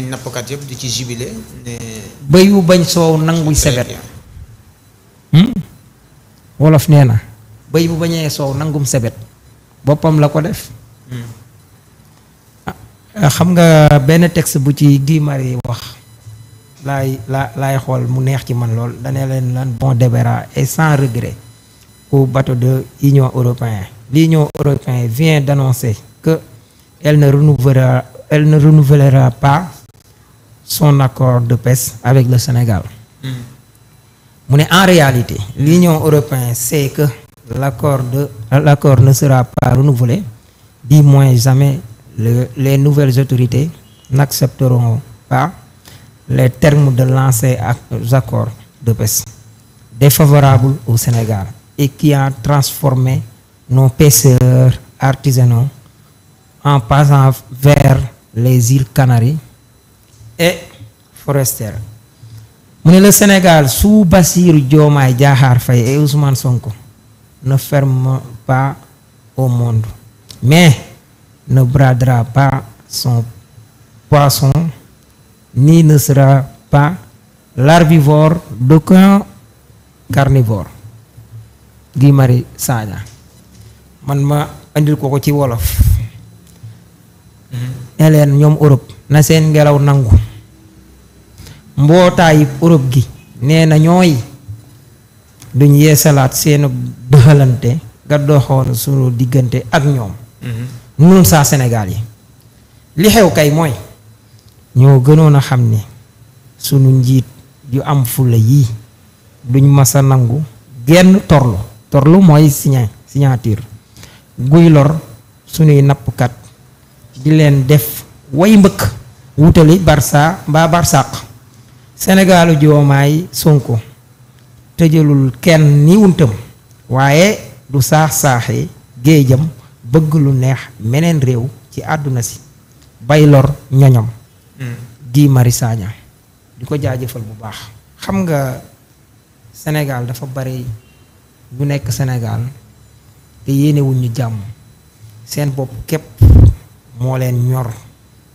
nañ nappkat yëpp di ci jubilé. bañ soow nanguy sebet. Hmm? wolof nee na béy bu bañee soow nangum sebet boppam la ko def hmm. ah, ah, xam nga benn texte bu ci Guy Marius wax laay la laay xool mu neex ci man lool danee leen lan bon débarras et sans regret au bateau de l'Union européenne l'Union européenne vient d'annoncer que elle ne renouvellera elle ne renouvellera pas son accord de paix avec le Sénégal. mu ne en réalité l'Union européenne sait que l'accord de l'accord ne sera pas renouvelé du moins jamais les nouvelles autorités n'accepteront pas les termes de l'ancien accord de paix défavorable au Sénégal et qui a transformé nos pêcheurs artisanaux en passant vers les îles Canaries et forestière mu ne le Sénégal sous Bassirou Diomaye Diakhar Faye et Ousmane Sonko ne ferme pas au monde mais ne bradera pas son poisson ni ne sera pas l'herbivore d'aucun carnivore Guy Marius Sagna man ma andil ko ko ci wolof mm-hmm. ne leen ñoom Europe na seen ngelaw nangu mbootaayu Europe gi nee na ñooy duñ yeesalaat seen dëxalante nga doxoon sunu diggante ak ñoom mm-hmm. nun saa senegaal yi li xew kay mooy ñoo gënoon a xam ni sunu njiit yu am fula yii duñ mas a nangu genn torlu torlu mooy signé guy lor sunuy nappkat di leen def way mbëkk wutali barsa mbaa barsàq senegaalu Diomaye Sonko tëjalul kenn ni wuntam waaye du saax-saaxe géejam bëgg lu neex meneen réew ci àdduna si bay lor ñoñom hmm. Guy Marius di ko jaajëfal bu baax xam nga Sénégal dafa bari ñu nekk senegaal te yéenewuñ ñu jàmm seen bopp képp moo leen ñor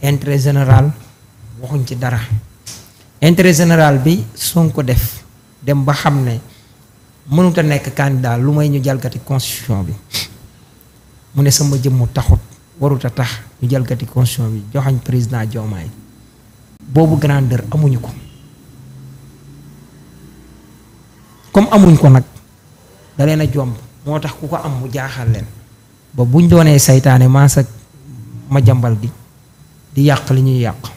intérêt général waxuñ ci dara intérêt général bi Sonko def dem ba xam ne mënut a nekk candidat lu may ñu jalgati constitution bi mu ne sama jëmmu taxut warut a tax ñu jalgati constitution bi joxañ président joomaay boobu grandeur amuñu ko comme amuñ ko nag da na a jomb moo tax ku ko am mu jaaxal leen ba buñ doonee seytaane maas ak ma jambal gi di yàq li ñuy yàq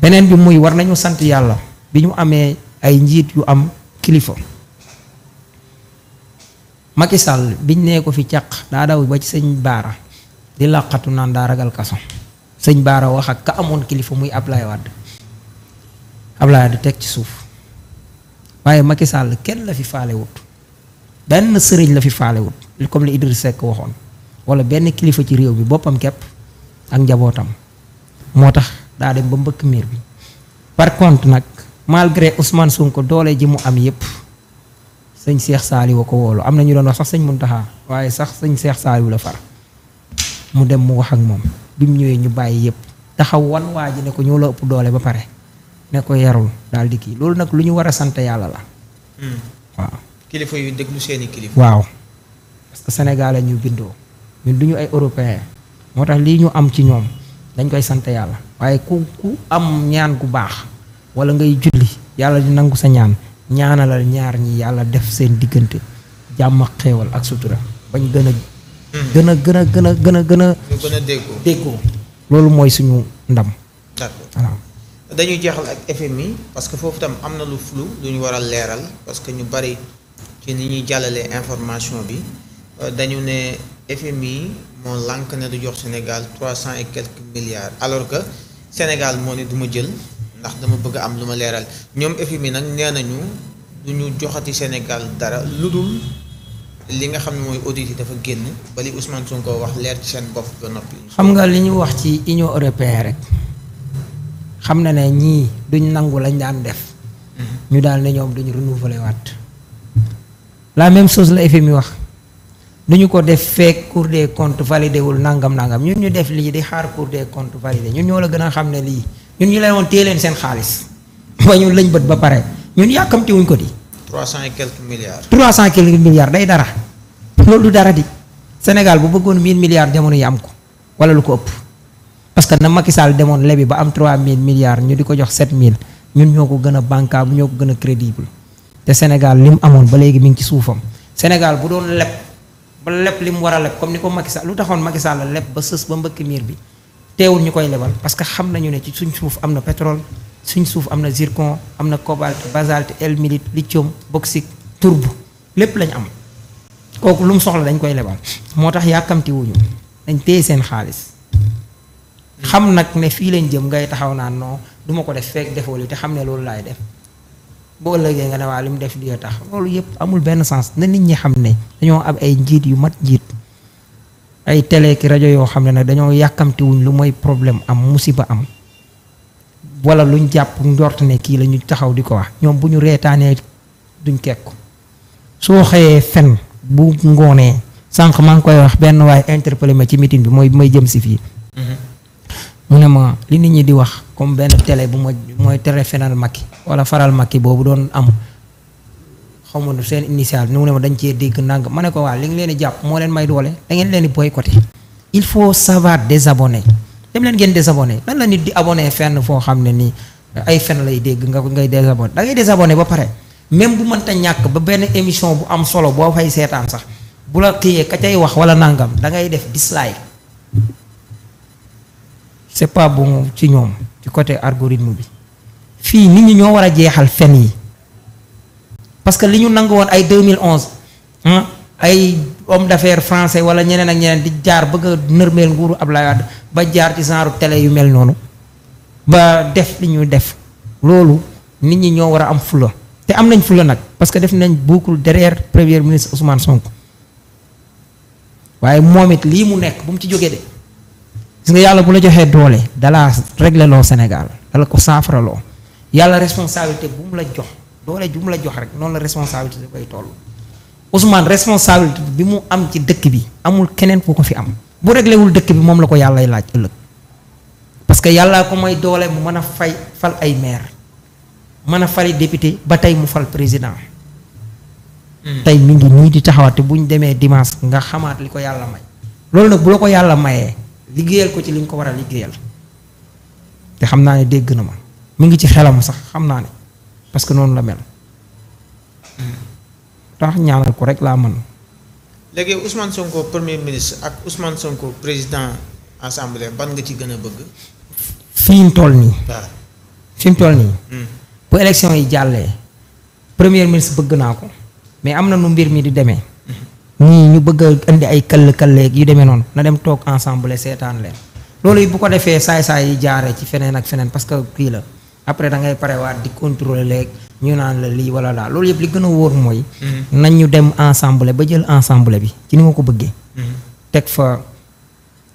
beneen bi muy war nañu sant yàlla bi ñu amee ay njiit yu am kilifa Macky Sall biñ nee ko fi caq daa daw ba ci sëñ Baara di làqatu naan daa ragal kaso sëñ Baara wax ak ka amoon kilifa muy Ablaye Wade Ablaye Wade teg ci suuf waaye Macky Sall kenn la fi faale wut benn sëriñ la fi faale wut comme li Idriss waxoon wala benn kilifa ci réew bi boppam képp ak njabootam moo tax. daa dem ba mbëkk miir bi par contre nag malgré Ousmane ko doole ji mu am yépp sëñ Cheikh Saliou ko woolu am na ñu doon wax sax sëñ Muntaxa waaye sax sëñ seex Saliou la far mu dem mu wax ak moom bi mu ñëwee ñu bàyyi yépp taxaw wan waa ji ne ko ñoo la ëpp doole ba pare ne ko yarul daal di kii loolu nag lu ñu war a sant yàlla la. Hmm. waaw. kilifa yu déglu seeni kilifa. waaw parce que Sénégal ñu bindoo ñun du ñu ay européen moo tax lii ñu am ci ñoom. dañ koy sant yàlla waaye ku ku am ñaan gu baax wala ngay julli yàlla di nangu sa ñaan ñaanalal ñaar ñi yàlla def seen diggante jàmm ak ak sutura bañ mhm. gën a gën a gën a gën a gën a gën a déggoo loolu mooy suñu ndam d'accord dañuy jeexal ak FMI parce que foofu tam am na lu flou lu ñu war a leeral parce que ñu bari ci ni ñuy jàllale information bi euh, dañu ne FMI moo lànk ne du jox Sénégal trois cent et quelques milliards alors que Sénégal moo ne du ma jël ndax dama bëgg am lu ma leeral ñoom FMI nag nee nañu du ñu joxati Sénégal dara lu dul li nga xam ne mooy audit yi dafa génn bali Ousmane Sonko wax leer ci seen bopp ba noppi. xam nga li ñu wax ci Union européenne rek xam na ne ñii duñ nangu lañ daan def. Mhm. ñu daal ne ñoom duñ renouveler waat la même chose la FMI wax. du ñu ko def fekk cour des comptes validé wul nangam nangam ñun ñu def lii di xaar cour des comptes validé ñun ñoo la gën a xam ne lii ñun ñu leen woon téye leen seen xaalis ba ñun lañ bët ba pare ñun yàkkamti wuñ ko di. trois cent et milliards. cent quelques milliards day dara loolu dara di Sénégal bu bëggoon mille milliards jamono yi am ko wala lu ko ëpp parce que na Macky Sall demoon lebi ba am trois mille milliards ñu di ko jox sept mille ñun ñoo ko gën a bancable ñoo ko gën a crédible te Sénégal li mu amoon ba léegi mi ngi ci suufam ba leb li mu war comme ni ko Macky lu taxoon Macky Sall la leb ba sës ba mbëkk miir bi teewul ñu koy lebal parce que xam nañu ne ci suñ suuf am na pétrole suñ suuf am na zircon am na cobalt basalte ilménite lithium bauxite tourbe lépp lañ am kooku lu soxla dañ koy lebal moo tax yàkkamti wuñu dañ téye seen xaalis xam nag ne fii leen jëm ngay taxaw naa non duma ko def fekk defoo li te xam ne loolu laay def bu ëllëgee nga ne waa li mu def di tax loolu yëpp amul benn sens na nit ñi xam ne dañoo am ay njiit yu mat njiit ay télé ki rajo yoo xam ne nag dañoo yàkkamtiwuñ lu mooy problème am musiba am wala luñ jàpp njort ne kii la ñu taxaw di ko wax ñoom bu ñu reetaanee duñ kekku soo xëyee fen bu ngoonee sànq maa koy wax benn waaye interpellé ci meeting bi mooy bu may jëm si fii mm-hmm. mu ne ma li nit ñi di wax comme benn télé bu ma mooy tere fenal Macky wala faral Macky boobu doon am xaw ma seen initial mu ne dañ cee dégg nang ma ne ko waa li ngi leen di jàpp moo leen may doole da ngeen leen di boycotté. il faut savoir désabonner dem leen ngeen désabonné lan la nit di abonné fenn foo xam ne nii ay fen lay dégg nga ngay désabonné da ngay désabonné ba pare même bu mënta ñàkk ba benn émission bu am solo boo fay seetaan sax bu la téyee ka cay wax wala nangam da ngay def dislike c'est pas bon ci ñoom ci côté algorithme bi fii nit ñi ñoo war a jeexal fen yi parce que li ñu nangu woon ay 2011 ay homme d'affaires français wala ñeneen ak ñeneen di jaar bëgg a nërmeel nguuru Abdoulaye Wade ba jaar ci genre télé yu mel noonu ba def li ñuy def loolu nit ñi ñoo war a am fula te am nañ fula nag parce que def nañ boucle derrière premier ministre Ousmane Sonko waaye moom it lii mu nekk bu mu ci jógee de. gis yàlla bu la joxee doole dalaa réglé loo Sénégal dala ko saafaraloo yàlla responsabilité bu mu jox doole bu la jox rek noonu la responsabilité da koy toll Ousmane responsabilité bi mu am ci dëkk bi amul keneen ku ko fi am bu réglewul dëkk bi moom la ko yàllay laaj ëllëg parce que yàllaa ko may doole mu mën a fay fal ay maire mën a fali député ba tey mu fal président hmm. tey mi ngi nii di taxawate bu ñu demee dimanche nga xamaat li ko yàlla may loolu nag bu la ko yàlla mayee liggéeyal ko ci li ñu ko war a liggéeyal te xam naa ne dégg na ma mu ngi ci xelam sax xam naa ne parce que noonu la mel tax ñaanal ko rek laa mën. léegi Ousmane Sonko premier ministre ak Ousmane Sonko président assemblée ban nga ci gën a bëgg. fi mu toll nii. fi mu toll nii. Hmm. bu élection yi jàllee premier ministre bëgg naa ko mais am na nu mbir mi di demee. ñii ñu bëgg indi ay kall kalleeg yu demee noonu na dem toog ensemble seetaan leen loolu yi bu ko defee saay-saay yi jaare ci feneen ak feneen parce que kii la après dangay pare parewaat di contrôler léeg ñu naan la lii wala daal loolu yëpp li gën a wóor mooy mm-hmm. nañ ñu dem ensemble ba jël ensemble bi ci ni ma ko bëggee mm-hmm. teg fa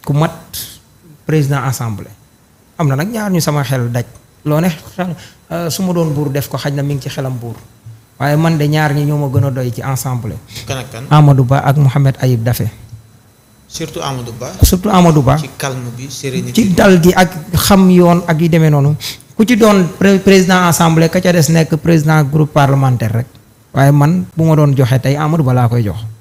ku mat président assemblée am na nag ñaar ñu sama xel daj loo ne euh, su ma doon buur def ko xaj na mi ngi ci xelam buur waaye man de ñaar ñi ñoo ma gën a doy ci ensemble. kan ak Ba ak Mouhamed Ayib dafe surtout Amadou Ba. surtout Amadou Ba ci calme ci dal gi ak xam yoon ak yu demee noonu ku ci doon président assemblée ka ca des nekk président groupe parlementaire rek waaye man bu ma doon joxe tey Amadou Ba laa koy jox.